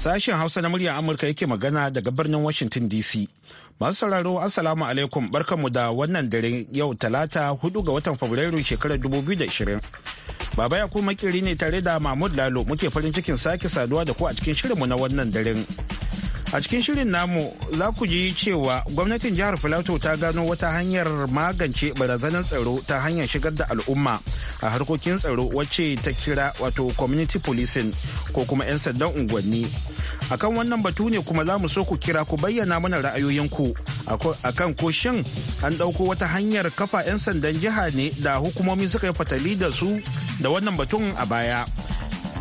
Sashen Hausa na muryar Amurka yake magana daga birnin Washington DC. Masu sauraro Assalamu alaikum barkanmu da wannan dare yau talata hudu ga watan Fabrairu shekarar 2020. Baba ya kuma ne tare da Mahmud Lalo muke farin cikin sake saduwa da ku a cikin shirinmu na wannan daren. A cikin shirin namu za ku ji cewa gwamnatin jihar Filato ta gano wata hanyar magance barazanar tsaro ta hanyar shigar da al'umma a harkokin tsaro wacce ta kira wato community policing ko kuma 'yan sandan unguwanni. Akan wannan batu ne kuma za mu so ku kira ku bayyana mana ra'ayoyinku a kan ko shin an ɗauko wata hanyar kafa 'yan sandan jiha ne da hukumomi suka yi fatali da su da wannan batun a baya.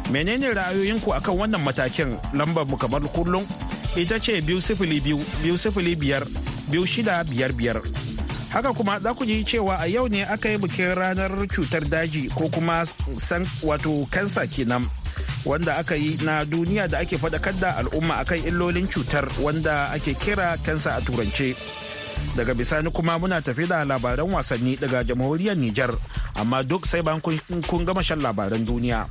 Menene ra'ayoyinku akan wannan matakin lambar mu kamar kullum ita ce biyu sifili biyu biyar biyu shida biyar biyar haka kuma za ku ji cewa a yau ne aka yi bikin ranar cutar daji ko kuma san wato kansa kenan wanda aka yi na duniya da ake faɗakar da al'umma akan illolin cutar wanda ake kira kansa a turance daga bisani kuma muna tafi da labaran wasanni daga jamhuriyar nijar amma duk sai ban kun gama shan labaran duniya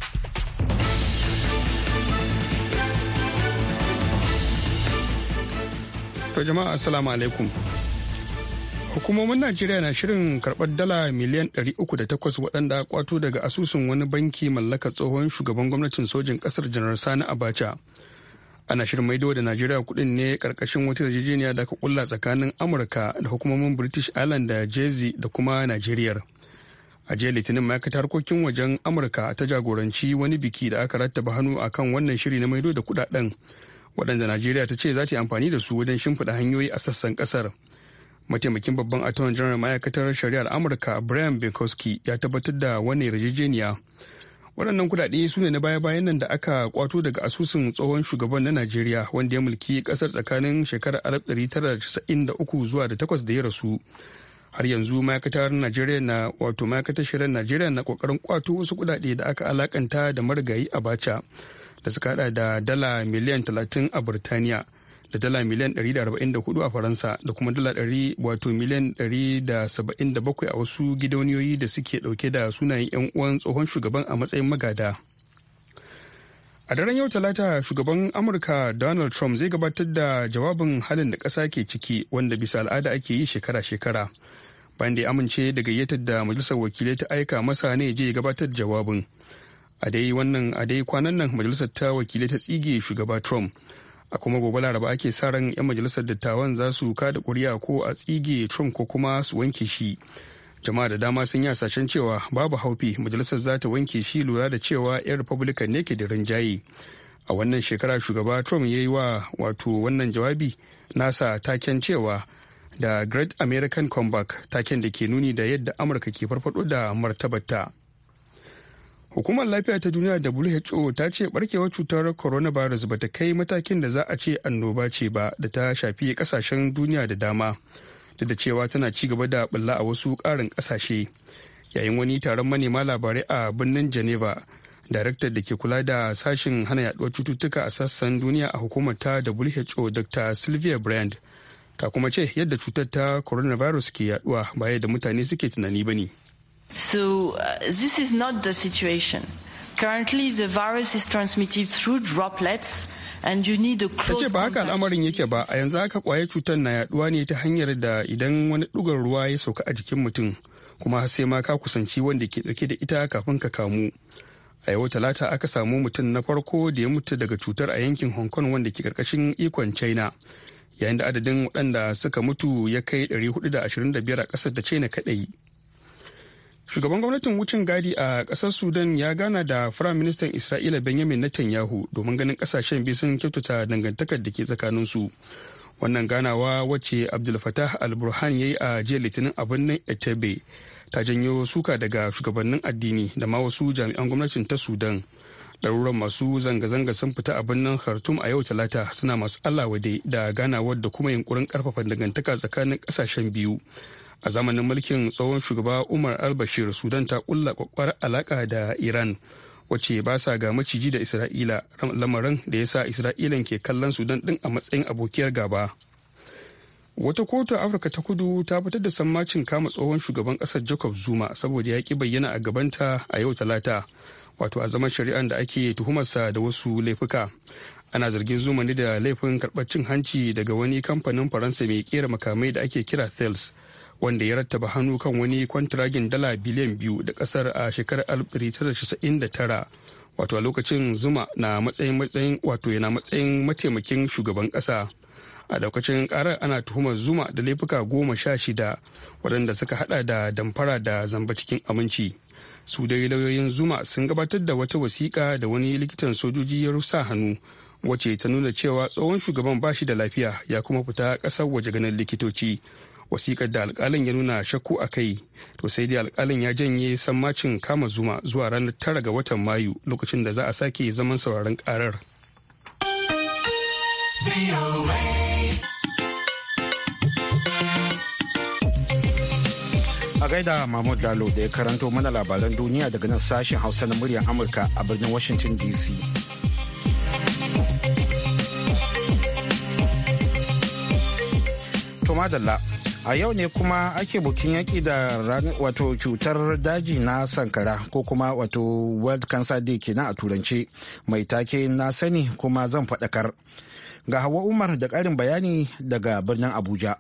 To jama'a assalamu alaikum. Hukumomin Najeriya na shirin karbar dala miliyan 308 waɗanda kwato daga asusun wani banki mallakar tsohon shugaban gwamnatin sojin kasar janar Sani Abacha. Ana shirin maido da Najeriya kuɗin ne karkashin wata yarjejeniya da aka kulla tsakanin Amurka da hukumomin British Island da Jersey da kuma Najeriya. a jiya litinin ma'aikatar harkokin wajen amurka ta jagoranci wani biki da aka rattaba hannu akan wannan shiri na maido da kudaden waɗanda najeriya ta ce za ta yi amfani da su wajen shimfiɗa hanyoyi a sassan ƙasar mataimakin babban attorney general ma'aikatar shari'ar amurka brian binkowski ya tabbatar da wani yarjejeniya waɗannan kuɗaɗe su ne na baya-bayan nan da aka kwato daga asusun tsohon shugaban na najeriya wanda ya mulki ƙasar tsakanin shekarar 1993 zuwa da takwas da ya rasu har yanzu ma'aikatar najeriya na wato ma'aikatar shari'ar najeriya na ƙoƙarin kwato wasu kuɗaɗe da aka alakanta da marigayi abacha da suka hada da dala miliyan 30 a burtaniya da dala miliyan 144 a faransa da kuma dala 100 wato miliyan 177 a wasu gidauniyoyi da suke dauke da sunayen 'yan uwan tsohon shugaban a matsayin magada a daren yau talata shugaban amurka donald trump zai gabatar da jawabin halin da kasa ke ciki wanda bisa al'ada ake yi shekara-shekara bayan da ya amince da gayyatar da majalisar wakilai ta aika masa ne je gabatar da jawabin a dai wannan a dai kwanan nan majalisar ta wakilai ta tsige shugaba trump a kuma gobe laraba ake sa ran 'yan majalisar dattawan za su kada kuri'a ko a tsige trump ko kuma su wanke shi jama'a da dama sun yi hasashen cewa babu haufi majalisar za ta wanke shi lura da cewa 'yan republican ne ke da rinjaye a wannan shekara shugaba trump ya yi wa wato wannan jawabi nasa taken cewa da great american comeback taken da ke nuni da yadda amurka ke farfado da martabarta. hukumar lafiya ta duniya da who ta ce barkewar cutar coronavirus ba ta kai matakin da za a ce annoba ce ba da ta shafi kasashen duniya da dama da da cewa tana ci gaba da bulla a wasu ƙarin ƙasashe yayin wani taron manema labarai a birnin geneva daraktar da ke kula da sashen hana yaduwar cututtuka a sassan duniya a hukumar ta who dr sylvia brand ta kuma ce yadda cutar ta coronavirus ke yaduwa baya da mutane suke tunani ba ne. So uh, this is not the situation. Currently, the virus is transmitted through droplets and you need a close ce ba haka al'amarin yake ba a yanzu haka kwayar cutar na yaduwa ne ta hanyar da idan wani dugar ruwa ya sauka a jikin mutum kuma sai ma ka kusanci wanda ke dauke da ita kafin ka kamu a yau talata aka samu mutum na farko da ya mutu daga cutar a yankin hong kong wanda ke karkashin ikon china yayin da adadin waɗanda suka mutu ya kai 425 a ƙasar da china kaɗai shugaban gwamnatin wucin gadi a ƙasar sudan ya gana da firayim ministan isra'ila benjamin netanyahu domin ganin ƙasashen biyu sun kyautata dangantakar da ke tsakaninsu wannan ganawa wacce abdul al-burhan ya yi a jiya litinin a birnin etebe ta janyo suka daga shugabannin addini da ma wasu jami'an gwamnatin ta sudan ɗaruran masu zanga-zanga sun fita a birnin khartoum a yau talata suna masu allah wade da ganawar da kuma yunkurin ƙarfafa dangantaka tsakanin ƙasashen biyu a zamanin mulkin tsohon shugaba umar albashir sudan ta kulla kwakwar alaka da iran wacce ba sa ga maciji da isra'ila lamarin da ya sa isra'ilan ke kallon sudan din a matsayin abokiyar gaba wata kotu a afirka ta kudu ta fitar da sammacin kama tsohon shugaban kasar jacob zuma saboda ya ki bayyana a gabanta a yau talata wato a zaman shari'an da ake tuhumarsa da wasu laifuka ana zargin zuma ne da laifin karbar cin hanci daga wani kamfanin faransa mai kera makamai da ake kira thales wanda ya rattaba hannu kan wani kwantiragin dala biliyan biyu da kasar a shekarar 1999 wato a lokacin zuma na matsayin matsayin wato yana matsayin mataimakin shugaban kasa a lokacin karar ana tuhumar zuma da laifuka goma sha shida waɗanda suka hada da damfara da zamba cikin aminci su dai lauyoyin zuma sun gabatar da wata wasiƙa da wani likitan sojoji ya rusa hannu wacce ta nuna cewa tsohon shugaban ba shi da lafiya ya kuma fita ƙasar waje ganin likitoci wasikar da alkalin ya nuna shakku a kai to sai dai alkalin ya janye sammacin kama zuma zuwa ranar tara ga watan mayu lokacin da za a sake zaman sauraron karar a gaida mahmud lalo da ya karanto mana labaran duniya daga nan sashen hausa na muryar amurka a birnin washington dc to madalla a yau ne kuma ake bukin yaƙi da wato cutar daji na sankara ko kuma wato world cancer day kenan a turance mai take na sani kuma zan faɗakar ga hawa umar da ƙarin bayani daga birnin abuja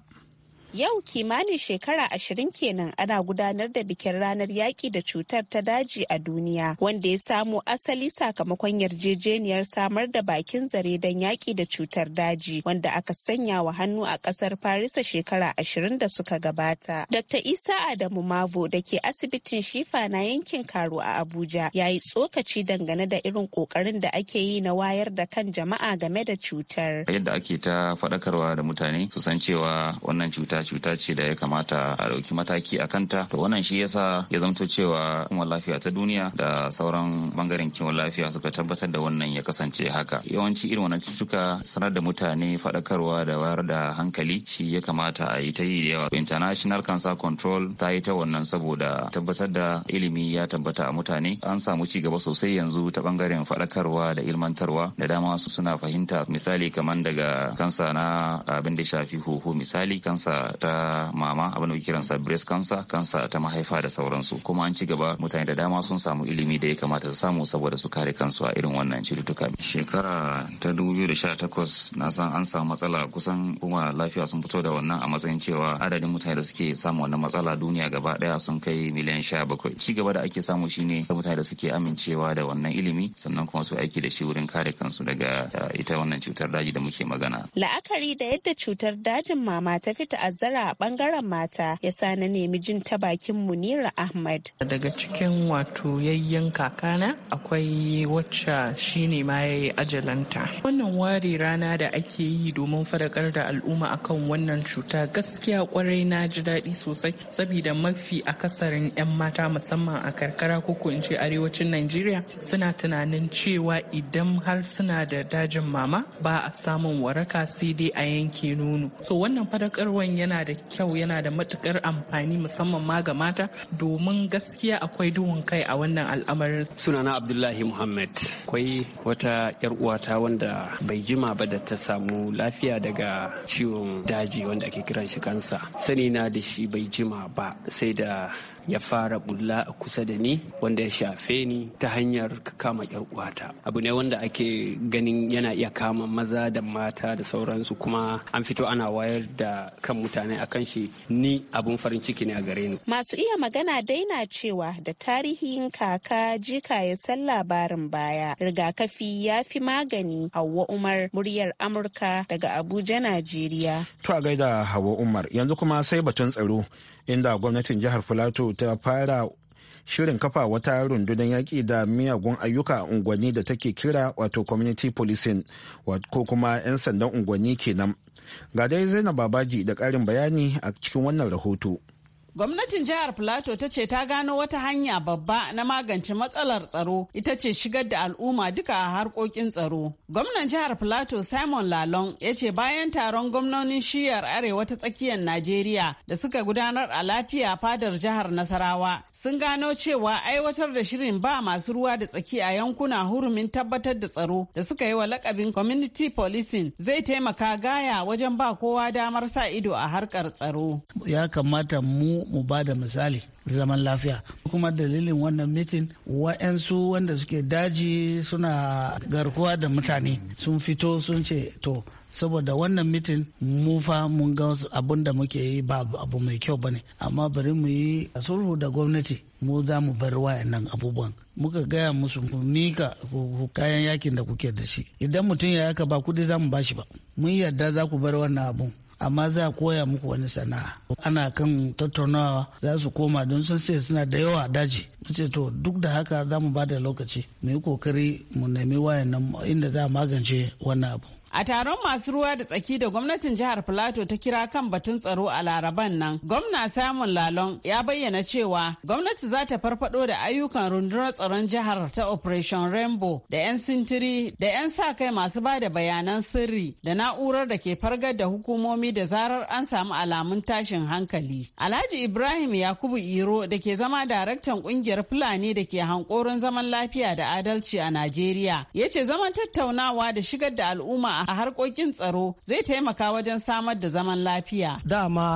Yau kimanin shekara ashirin kenan ana gudanar da bikin ranar yaƙi da cutar ta daji a duniya wanda ya samo asali sakamakon yarjejeniyar samar da bakin zare don yaƙi da cutar daji wanda aka sanya wa hannu a ƙasar Farisa shekara ashirin da suka gabata. Dr. Isa Adamu Mavo da ke asibitin Shifa na yankin Karo a Abuja ya yi tsokaci dangane da irin ƙoƙarin da ake yi na wayar da kan jama'a game da cutar. Yadda ake ta faɗakarwa da mutane su san cewa wannan cutar. cuta cuta ce da ya kamata a ɗauki mataki a kanta to wannan shi yasa ya zamto cewa kuma lafiya ta duniya da sauran bangaren kiwon lafiya suka tabbatar da wannan ya kasance haka yawanci irin wannan cututtuka sanar da mutane faɗakarwa da wayar da hankali shi ya kamata a yi ta yi da yawa international cancer control ta yi ta wannan saboda tabbatar da ilimi ya tabbata a mutane an samu ci gaba sosai yanzu ta bangaren faɗakarwa da ilmantarwa da dama suna fahimta misali kamar daga kansa na abin da shafi huhu misali kansa ta mama abin da ke kiransa breast cancer kansa ta mahaifa da sauransu kuma an ci gaba mutane da dama sun samu ilimi da ya kamata su samu saboda su kare kansu a irin wannan cututtuka shekara ta 2018 na san an samu matsala kusan kuma lafiya sun fito da wannan a matsayin cewa adadin mutane da suke samu wannan matsala duniya gaba daya sun kai miliyan bakwai. ci gaba da ake samu shine mutane da suke amincewa da wannan ilimi sannan kuma su aiki da shi wurin kare kansu daga eh, ita wannan cutar daji da muke magana la'akari da yadda cutar dajin mama ta fita a ta'azzara a bangaren mata ya sa na nemi jin ta bakin Munira Ahmad. Daga cikin wato yayyen kakana akwai wacce shi ne ma ya yi ajalanta. Wannan ware rana da ake yi domin fadakar da al'umma akan wannan cuta gaskiya kwarai na ji daɗi sosai saboda mafi akasarin 'yan mata musamman a karkara ko in ce arewacin Najeriya suna tunanin cewa idan har suna da dajin mama ba a samun waraka sai dai a yanke nono. So wannan fadakarwan yana da kyau yana da matukar amfani musamman ma ga mata domin gaskiya akwai duhun kai a wannan al'amarin sunana abdullahi muhammad akwai wata yar uwata wanda bai jima ba da ta samu lafiya daga ciwon daji wanda ake kiran shi kansa sani na da shi bai jima ba sai da ya fara bulla a kusa da ni wanda ya shafe ni ta hanyar kama yar uwata abu ne wanda ake ganin yana iya kama maza da mata da sauransu kuma an fito ana wayar da kan mutane akan shi ni abun farin ciki ne a gare ni masu iya magana daina cewa da tarihin kaka jika ya san labarin baya rigakafi ya fi magani hawa umar muryar amurka daga abuja najeriya to a gaida hawa umar yanzu kuma sai batun tsaro inda gwamnatin jihar filato ta fara shirin kafa wata rundunar yaƙi da miyagun ayyuka unguwanni da take kira wato community policing ko kuma 'yan sandan unguwanni kenan ga dai zainab babaji da ƙarin bayani a cikin wannan rahoto. Gwamnatin jihar Filato ta ce ta gano wata hanya babba na magance matsalar tsaro ita ce shigar da al'umma duka a harkokin tsaro. Gwamnan jihar Filato Simon Lalong ya ce bayan taron gwamnonin shiyar arewa ta tsakiyar Najeriya da suka gudanar a lafiya fadar jihar Nasarawa sun gano cewa aiwatar da shirin ba masu ruwa da tsaki a yankuna hurumin tabbatar da tsaro da suka yi wa lakabin community policing zai taimaka gaya wajen ba kowa damar sa ido a harkar tsaro. Ya kamata mu mu ba da misali zaman lafiya kuma dalilin wannan mitin wa'yansu wanda suke daji suna garkuwa da mutane sun fito sun ce to saboda wannan mitin mufa fa mun ga abun da muke yi ba abu mai kyau ba ne amma bari mu yi sulhu da gwamnati mu za mu bar wayannan abubuwan muka gaya musu ku kayan yakin da kuke da shi idan mutum ya yaka ba kudi za mu shi ba mun yarda za ku bar wannan abun amma za a koya muku wani sana'a ana kan tattaunawa za su koma don sun ce suna da yawa daji ce to duk da haka za mu ba da lokaci mu yi kokari mu nemi wayan nan inda za a magance wannan abu A taron masu ruwa da tsaki da gwamnatin jihar Filato ta kira kan batun tsaro a Laraban nan, gwamna Samun Lalon ya bayyana cewa gwamnati za ta farfado da ayyukan rundunar tsaron jihar ta Operation Rainbow da 'yan sintiri da 'yan sa kai masu ba da bayanan sirri da na'urar da ke fargar da hukumomi da zarar an samu alamun tashin hankali. Alhaji Ibrahim Yakubu Iro da ke zama daraktan kungiyar Fulani da ke hankorin zaman lafiya da adalci a Najeriya, ya ce zaman tattaunawa da shigar da al'umma a harkokin tsaro zai taimaka wajen samar da zaman lafiya. Dama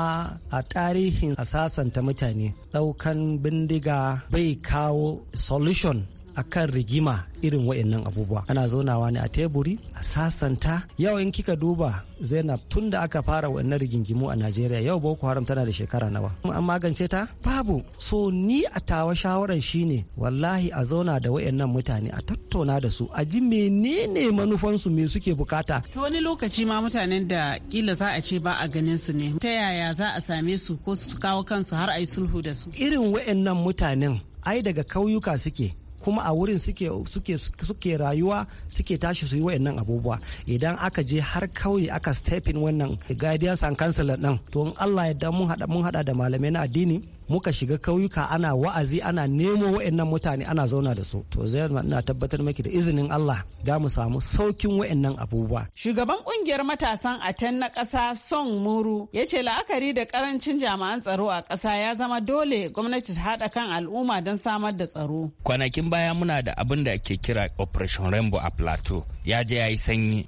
a tarihin a sasanta mutane ɗaukan bindiga bai kawo solution akan rigima irin wa'annan abubuwa ana zaunawa ne a teburi a sasanta yau in kika duba zainab tun da aka fara wa'annan rigingimu a najeriya yau boko haram tana da shekara nawa an magance ta babu so ni a tawa shawaran shine wallahi a zauna da wa'annan mutane a tattauna da su a ji menene manufansu me suke bukata wani lokaci ma mutanen da kila za a ce ba a ganin su ne ta yaya za a same su ko su kawo kansu har a yi sulhu da su irin wa'annan mutanen ai daga kauyuka suke kuma a wurin suke rayuwa suke tashi su yi wayannan abubuwa idan aka je har kauye aka stepin wannan guidance and counselor din to in Allah ya mun hada mun hada da malamai na addini muka shiga kauyuka ana wa'azi ana nemo wa'annan mutane ana zauna da su to zai ina tabbatar maki da izinin Allah ga mu samu saukin wa'annan abubuwa shugaban kungiyar matasan aten na ƙasa son muru ya ce la'akari da karancin jami'an tsaro a ƙasa ya zama dole gwamnati ta haɗa kan al'umma don samar da tsaro kwanakin baya muna da abin da ke kira operation rainbow a plateau ya je ya yi sanyi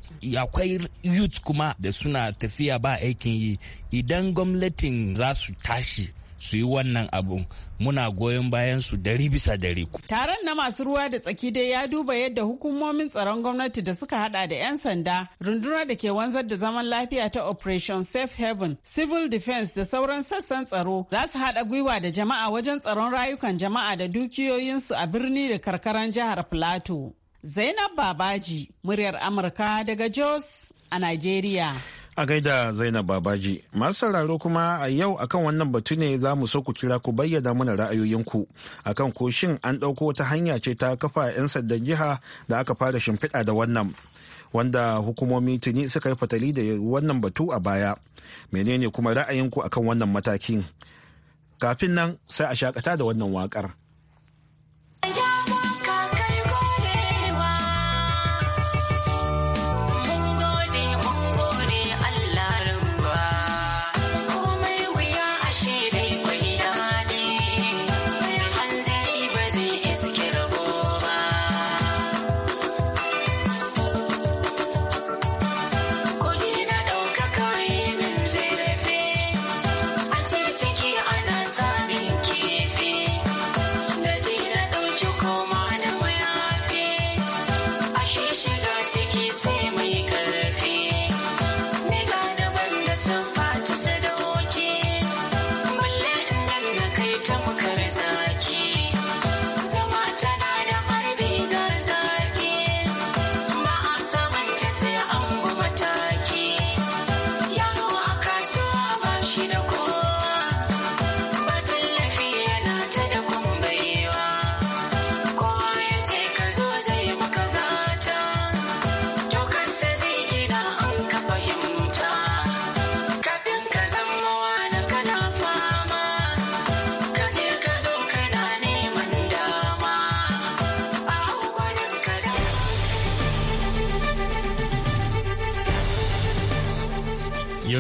akwai youth kuma da suna tafiya ba aikin yi idan gwamnatin za su tashi su yi wannan abun muna goyon bayan su dari bisa dari ku. Taron na masu ruwa da tsaki dai ya duba yadda hukumomin tsaron gwamnati da suka hada da 'yan sanda, runduna da ke wanzar da zaman lafiya ta Operation Safe Haven, Civil Defense da sauran sassan tsaro za su hada gwiwa da jama'a wajen tsaron rayukan jama'a da dukiyoyinsu a birni da karkaran jihar Plateau. Zainab Babaji, muryar Amurka daga Jos a Nigeria. A gaida Zainab Babaji, masu sauraro kuma a yau akan wannan batu ne za mu so ku kira ku bayyana mana ra'ayoyinku akan ko shin an ɗauko wata hanya ce ta kafa 'yan sandan jiha da aka fara shimfiɗa da wannan. Wanda hukumomi tuni suka yi fatali da wannan batu a baya. Menene kuma ra'ayinku akan wannan matakin? Kafin nan sai a shakata da wannan waƙar.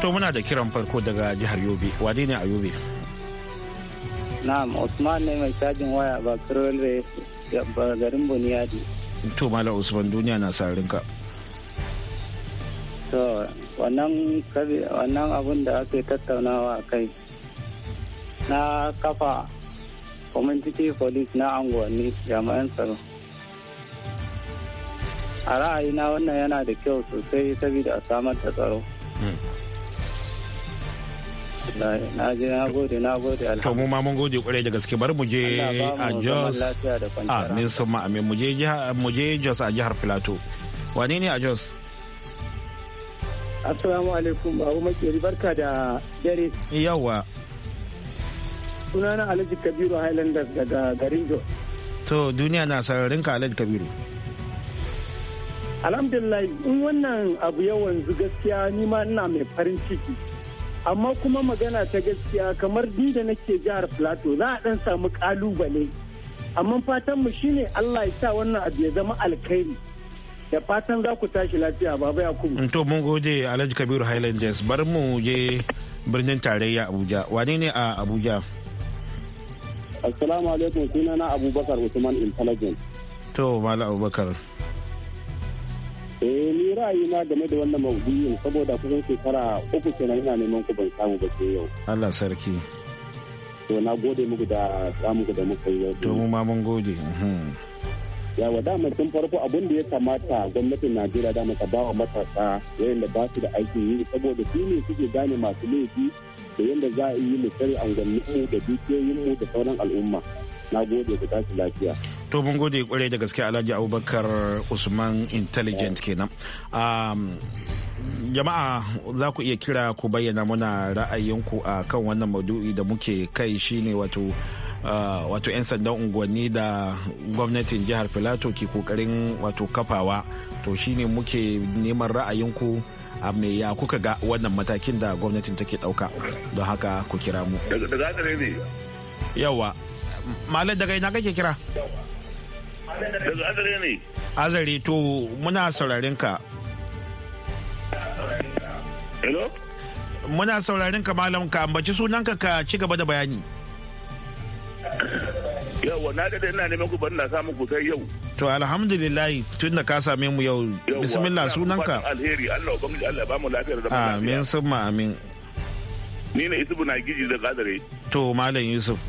to muna da kiran farko daga jihar yobe wane ne a yobe na'am usman ne mai cajin waya ba ba garin buniyadi to mala usman duniya na sarin ka to wannan abin abun da ake tattaunawa a kai na kafa community police na anguwanni jami'an tsaro a ra'ayina wannan yana da kyau sosai saboda a samar da tsaro hmm. na gode na gode na gode to mu ma mun gode kwarai da gaske bari mu je a Jos a ne sun ma amin mu je Jos a jihar Filato wane ne a Jos Assalamu alaikum babu makeri barka da dare yawa sunana Alhaji Kabiru Highlanders daga garin Jos to duniya na sararin ka Alhaji Kabiru Alhamdulillah in wannan abu yawan gaskiya ni ma ina mai farin ciki amma kuma magana ta gaskiya kamar ni da nake jihar plateau za a dan samu kalubale amma fatanmu shine allah ya sa wannan abu ya zama alkhairi da fatan za ku tashi lafiya baba yakubu to mun gode alhaji kabiru highlanders bar mu je birnin tarayya abuja wani ne a abuja assalamu alaikum sunana abubakar usman intelligence to mala abubakar eh ni ra'ayi na game da wannan maudu'in saboda kusan shekara uku kenan ina neman ku ban samu ba ke yau Allah sarki to na gode muku da samu ku da muka yi to mu ma mun gode mhm. wa dama tun farko abin da ya kamata gwamnatin najeriya dama ta bawa matasa wayanda ba su da aikin yi saboda su ne suke gane masu laifi da yadda za a yi mu a angonninmu da dukiyoyinmu da sauran al'umma na gode to mun gode kwarai da gaske alhaji abubakar usman intelligent kenan um, jama'a za ku iya kira ku bayyana muna ra'ayinku a kan wannan maudu'i da muke kai shine wato uh, wato 'yan sandan unguwanni da gwamnatin jihar filato ke kokarin wato kafawa to shine muke neman ra'ayinku a me ya kuka ga wannan matakin da gwamnatin take dauka don haka ku kira mu yawa malam daga ina kake kira daga azare ne azare to muna saurarin ka hello muna saurarin ka malam ka ambaci sunanka ka ci gaba da bayani yawa na da ina neman ku bari na samu ku sai yau to alhamdulillah tun da ka same mu yau bismillah sunanka alheri Allah ubangiji Allah ba mu lafiya da amin summa amin ni ne isubu na giji da gadare to malam yusuf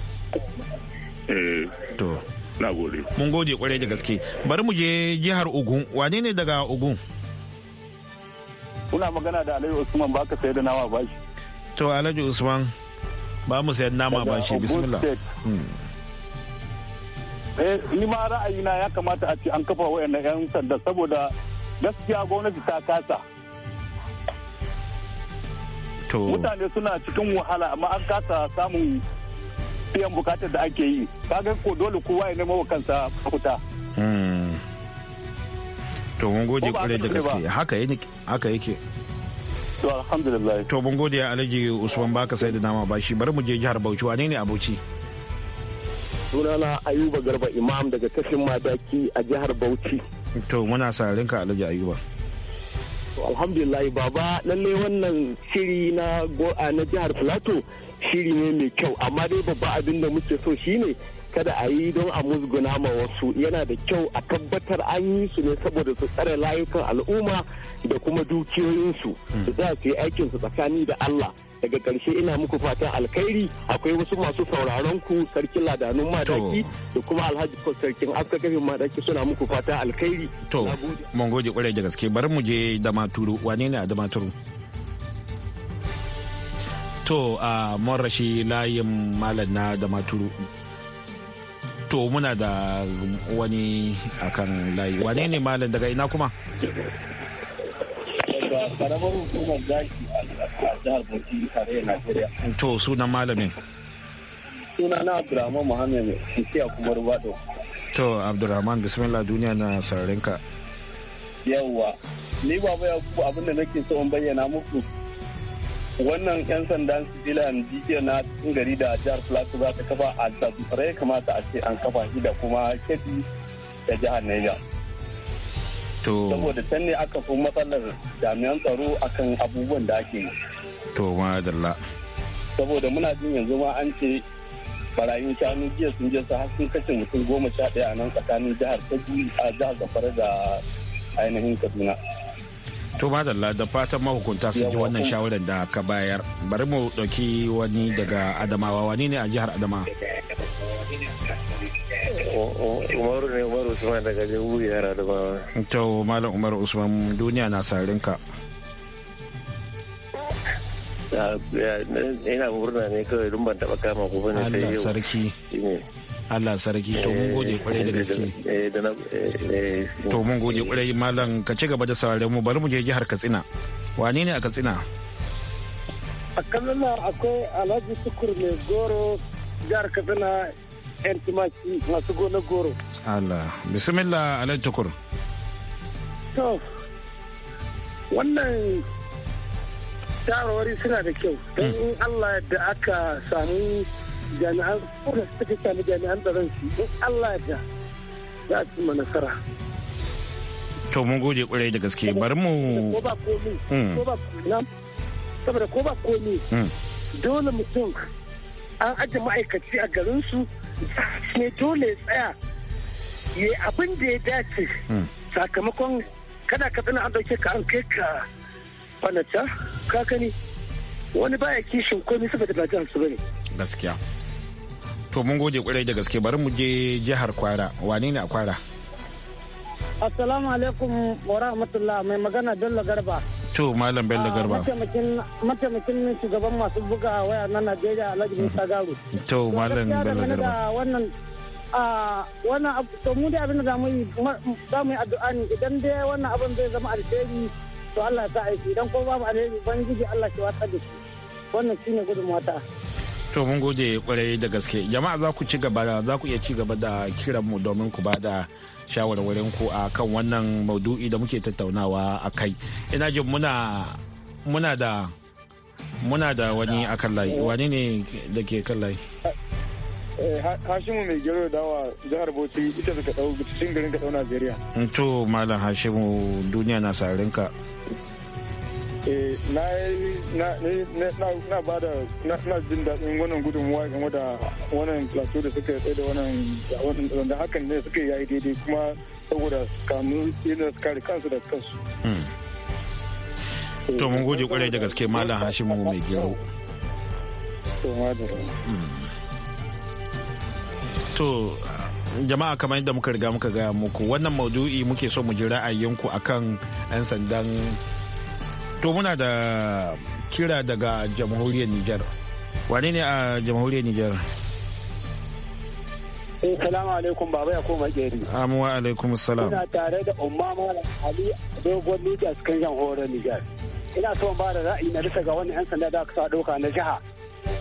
Eh, to na gode mun gode kwarai da gaske bari mu je jihar ogun wane ne daga ogun kuna magana da Alhaji Usman ba ka sayar da nama bashi to Alhaji Usman ba mu sayar nama bashi. bismillah hmm. eh ni ma ra'ayina ya kamata a ce an kafa wayannan yan sanda saboda gaskiya gwamnati ta kasa mutane suna cikin wahala amma an kasa samun biyan bukatar da ake yi kaga ko dole kowa ya nemo kansa fita hmm. to mun gode kwarai da gaske haka yake haka yake to alhamdulillah to mun gode ya alhaji usman baka sai da nama bashi bari mu je jihar bauchi wane ne a bauchi sunana ayuba garba imam daga kashin madaki a jihar bauchi to muna sararin ka alhaji ayuba alhamdulillah baba lallai wannan shiri na ah, na jihar plateau shiri ne mai kyau amma dai babba abin da muke so shine kada a yi don a musguna ma wasu yana da kyau a tabbatar an yi su ne saboda su tsare layukan al'umma da kuma dukiyoyinsu hmm. su za su yi aikinsu tsakani da Allah daga ƙarshe ina muku fatan alkhairi akwai wasu masu sauraron ku sarki ladanun madaki da kuma alhaji ko sarkin askakafin madaki suna muku fatan alkhairi to mun gode kwarai da gaske bari mu je da maturu wane ne a da maturu to a morashi layin malam na da maturu to muna da wani akan layi wane ne malam daga ina kuma a jihar najeriya to sunan malamin suna na abdurrahman muhammed sisiya kuma rubado to abdurrahman bismillah duniya na sararinka yawwa ni ba ya abinda da nake so in bayyana muku wannan 'yan sandan civilian dj na cikin gari da jihar plateau za ta kafa a tsare ya kamata a ce an kafa shi da kuma kefi da jihar niger saboda can ne aka fi matsalar jami'an tsaro akan abubuwan da ake yi to dalla saboda muna jin yanzu ma an ce barayin shanu jiya sun je su hasken sun kashe mutum goma sha ɗaya a nan tsakanin jihar ta a jihar zafara da ainihin kaduna to madalla da fatan mahukunta sun ji wannan shawarar da ka bayar bari mu ɗauki wani daga adamawa wani ne a jihar adama umaru ne umaru usman daga jihu jihar adamawa to malam umaru usman duniya na sarin ka ah, ina murna ne kawai dun ban taɓa kama ku bane sai yau sarki Allah sarki to mun gode kwarai da gaske eh, eh, eh, to mun gode kwarai malam ka ci gaba da saurare mu bari mu je jihar Katsina wani ne a Katsina a Katsina akwai Alhaji Sukur ne goro jihar Katsina yan tumaki masu gona goro Allah bismillah Alhaji Sukur to wannan shawarwari suna da kyau don Allah da aka samu jami'an kuma suka sami jami'an tsaron su in Allah ya za a cimma nasara. To mun gode kwarai da gaske bari mu. Ko ba komi. Ko ba komi. Mm. Saboda ko ba komi. Mm. Dole mutum an aje ma'aikaci a garin su ne dole ya tsaya ya abin da ya dace mm. sakamakon kada ka tsina an dauke ka an kai ka kwanata kakani wani baya kishin komi saboda ba jihar su bane. Gaskiya. to mun gode kwarai da gaske bari mu je jihar kwara wane ne a kwara assalamu alaikum wa rahmatullah mai magana bello garba to malam bello ah, garba mataimakin shugaban masu buga waya na najeriya alhaji mm. musa garu to malam bello garba wannan ah, wannan to mu dai abin da mu yi zamu yi addu'a ne idan dai wannan abin zai zama alheri to Allah ya sa aiki idan ko babu alheri ubangiji Allah ya wata da shi wannan shine gudunmuwa ta. to mun gode kwarai da gaske jama'a za ku ci gaba za ku iya ci gaba da kiran mu domin ku ba da shawarwarin ku a kan wannan maudu'i da muke tattaunawa a kai ina jin muna muna da muna da wani a kan layi wani ne da ke kan layi eh, Hashimu mai gero dawa jihar Bauchi ita ka dau cikin garin ka dau Najeriya. To Malam Hashimu duniya na sarinka. ka. Eh, na ba da na jin daɗin wannan gudunmuwa game da wannan plateau da suka tsaye da wannan da hakan ne suka yi daidai kuma saboda kamun yana kare kansu da kansu. Hmm. to mun gode kwarai da gaske malam hashimu mai gero. Hmm. to jama'a kamar yadda muka riga muka gaya muku wannan maudu'i muke so mu ji ra'ayinku akan 'yan sandan to muna da kira daga jamhuriyar Nijar. Wane ne a jamhuriyar Nijar? Eh, alaikum baba ya koma gari. wa alaikum salam. Ina tare da umma malam Ali dogon Nijar cikin horon Nijar. Ina so ba da ra'ayi na bisa ga wani 'yan sanda da aka sa doka na jiha.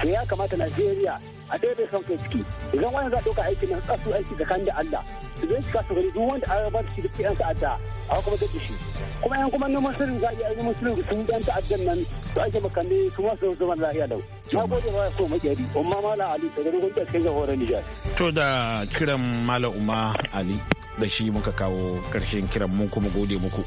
To ya kamata Najeriya a ɗaya bai sauke ciki idan wani za a ɗauka aiki na tsasu aiki kan da Allah zai shi su gari duk wanda an rabar shi da yan ta'adda a kuma gaji shi kuma yan kuma neman sirrin za a yi neman sirrin da sun yan ta'addan nan su ake makanne su masu zama lafiya lau na gode ba so makeri umma mala ali daga dogon da kai ga horon Nijar. to da kiran mala umma ali da shi muka kawo karshen kiran mun kuma gode muku.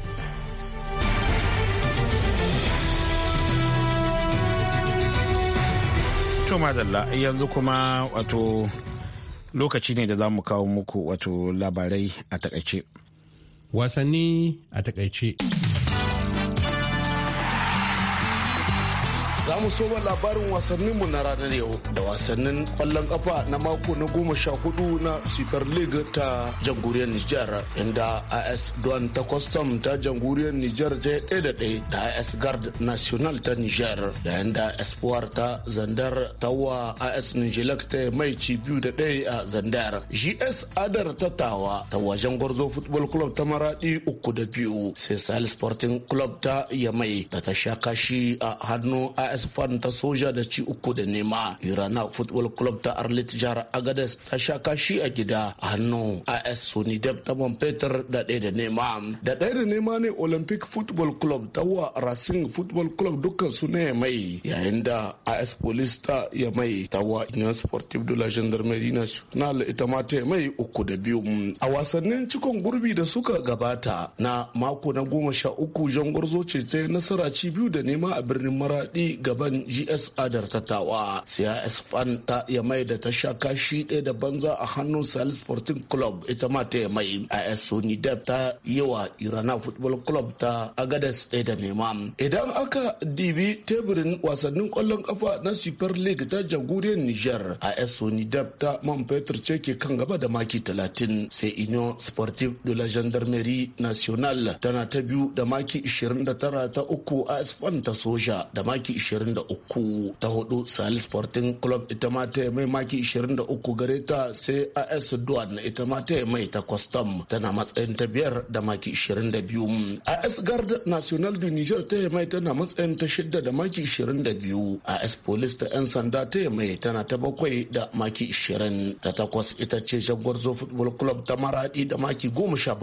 to madalla yanzu kuma wato lokaci ne da za mu kawo muku wato labarai a takaice wasanni a takaice Za mu soma labarin mu na ranar yau da wasannin kwallon kafa na mako na goma sha hudu na Super League ta jamhuriyar Nijar inda AS Duan ta Custom ta jamhuriyar Nijar ta ɗaya da ɗaya da AS Guard National ta Nijar yayin da Espoir ta Zandar ta wa AS Nijilak ta mai ci biyu da ɗaya a Zandar. GS Adar ta tawa ta wajen Gwarzo Football Club ta Maradi uku da biyu sai Sahel Sporting Club ta Yamai da ta sha kashi a hannu AS fan ta soja da ci uku da nema irana football club ta arlit jihar agades ta sha kashi a gida a hannun as sony deb ta man peter da ɗaya da nema da ɗaya da nema ne olympic football club ta wa racing football club dukkan su ne mai yayin da as police ta ya mai ta wa union sportive de la gendarmerie national ita ma ta mai uku da biyu a wasannin cikon gurbi da suka gabata na mako na goma sha uku jangwarzo ce ta nasara ci biyu da nema a birnin maradi ga shugaban gs adar tattawa cis fan ta ya mai da ta sha kashi ɗaya da banza a hannun sahel sporting club ita ma ta mai is sony dep ta yi wa irana football club ta agades ɗaya da nema idan aka dibi teburin wasannin kwallon kafa na super league ta jamhuriyar niger is sony dep ta man fetur ce ke kan gaba da maki talatin sai union sportive de la gendarmerie nationale tana ta biyu da maki 29 ta uku a fan ta soja da maki 20 23 ta hudu sali sporting club ita ma ta mai maki 23 gare ta sai as duwan ita ma ta mai ta custom tana matsayin ta biyar da maki 22 as guard national du niger ta mai tana matsayin ta shidda da maki 22 as police ta yan sanda ta mai tana ta bakwai da maki 20 ta takwas ita ce shagwarzo football club ta maradi da maki 17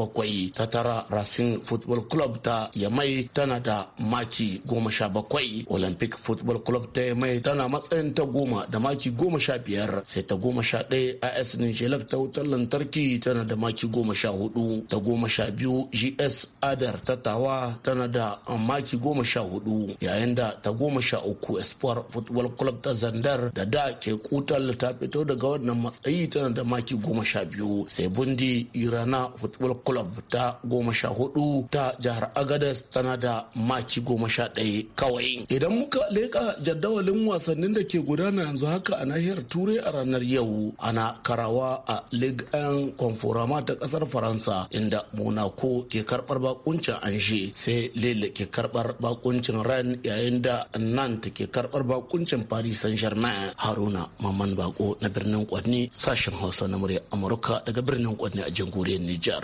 ta tara racing football club ta yamai tana da maki 17 olympic football football club ta mai tana matsayin ta goma da maki goma sha biyar sai ta goma sha ɗaya as nijelak ta wutar lantarki tana da maki goma sha hudu ta goma sha biyu gs adar ta tawa tana da maki goma sha hudu yayin da ta goma sha uku espoir football club ta zandar da da ke kutar ta fito daga wannan matsayi tana da maki goma sha biyu sai bundi irana football club ta goma sha hudu ta jihar agadas tana da maki goma sha ɗaya kawai idan muka leƙa jadawalin wasannin da ke gudana yanzu haka a nahiyar turai a ranar yau ana karawa a ligue 1 conforama ta kasar faransa inda monaco ke karbar bakuncin anshe sai lille ke karbar bakuncin ren yayin da nant ke karbar bakuncin paris saint germain haruna maman bako na birnin kwanni sashen hausa na murya amurka daga birnin kwanni a jamhuriyar niger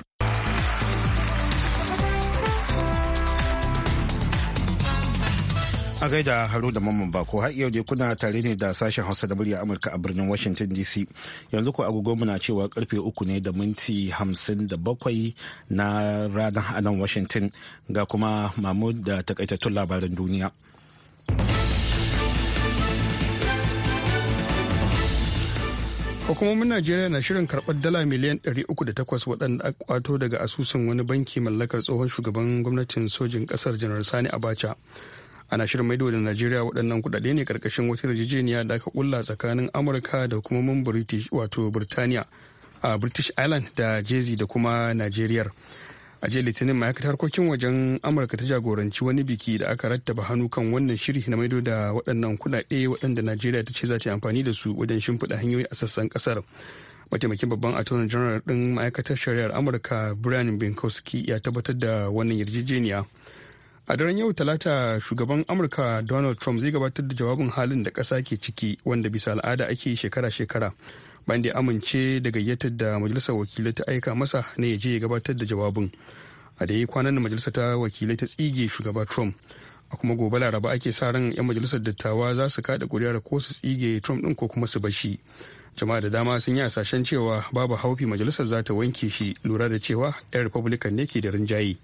a gaida haru da mamman bako har yau dai kuna tare ne da sashen hausa da murya amurka a birnin washington dc yanzu ko agogo muna cewa karfe uku ne da minti hamsin da bakwai na ranar anan washington ga kuma mahmud da takaitattun labaran duniya hukumomin najeriya na shirin karbar dala miliyan 308 waɗanda a kwato daga asusun wani banki mallakar tsohon shugaban gwamnatin sojin ƙasar janar sani abacha ana shirin maido da najeriya waɗannan kuɗaɗe ne karkashin wata yarjejeniya da aka kulla tsakanin amurka da hukumomin british wato birtaniya a british island da jersey da kuma najeriyar a jiya litinin ma'aikatar harkokin wajen amurka ta jagoranci wani biki da aka rattaba hannu kan wannan shiri na maido da waɗannan kuɗaɗe waɗanda najeriya ta ce za ta yi amfani da su wajen shimfiɗa hanyoyi a sassan kasar. mataimakin babban attorney general ɗin ma'aikatar shari'ar amurka brian binkowski ya tabbatar da wannan yarjejeniya a daren yau talata shugaban amurka donald trump zai gabatar da jawabin halin da ƙasa ke ciki wanda bisa al'ada ake shekara-shekara bayan da amince da gayyatar da majalisar wakilai ta aika masa na ya je ya gabatar da jawabin a da kwanan da majalisar ta wakilai ta tsige shugaba trump a kuma gobe laraba ake sa ran 'yan majalisar dattawa za su kada kuri'ar ko su tsige trump ɗin ko kuma su bashi shi jama'a da dama sun yi hasashen cewa babu haufi majalisar za ta wanke shi lura da cewa 'yan republican ne ke da rinjaye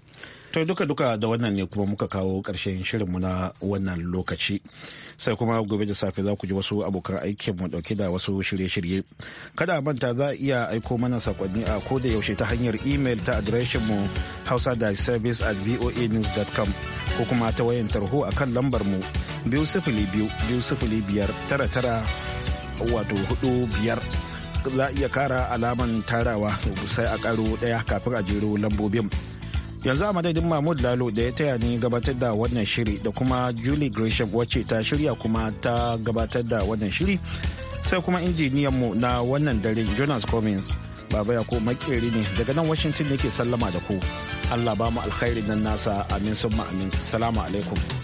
to duka duka da wannan ne kuma muka kawo ƙarshen mu na wannan lokaci sai kuma gobe da safe za ku ji wasu abokan aikin mu dauke da wasu shirye-shirye kada manta za a iya aiko mana sakonni a ko da yaushe ta hanyar email ta adireshin mu hausa da service at voanews.com ko kuma ta wayan tarho akan lambar mu biyu sifili biyu biyu sifili biyar tara tara wato hudu biyar za iya kara alaman tarawa sai a karo daya kafin a jero lambobin yanzu a madadin mahmud lalo da ya taya ni gabatar da wannan shiri da kuma julie gresham wacce ta shirya kuma ta gabatar da wannan shiri sai kuma mu na wannan dare jonas cummins baba ya ko makeri ne daga nan washington ne ke sallama da ku allah ba mu alkhairi nan nasa amin summa amin salamu alaikum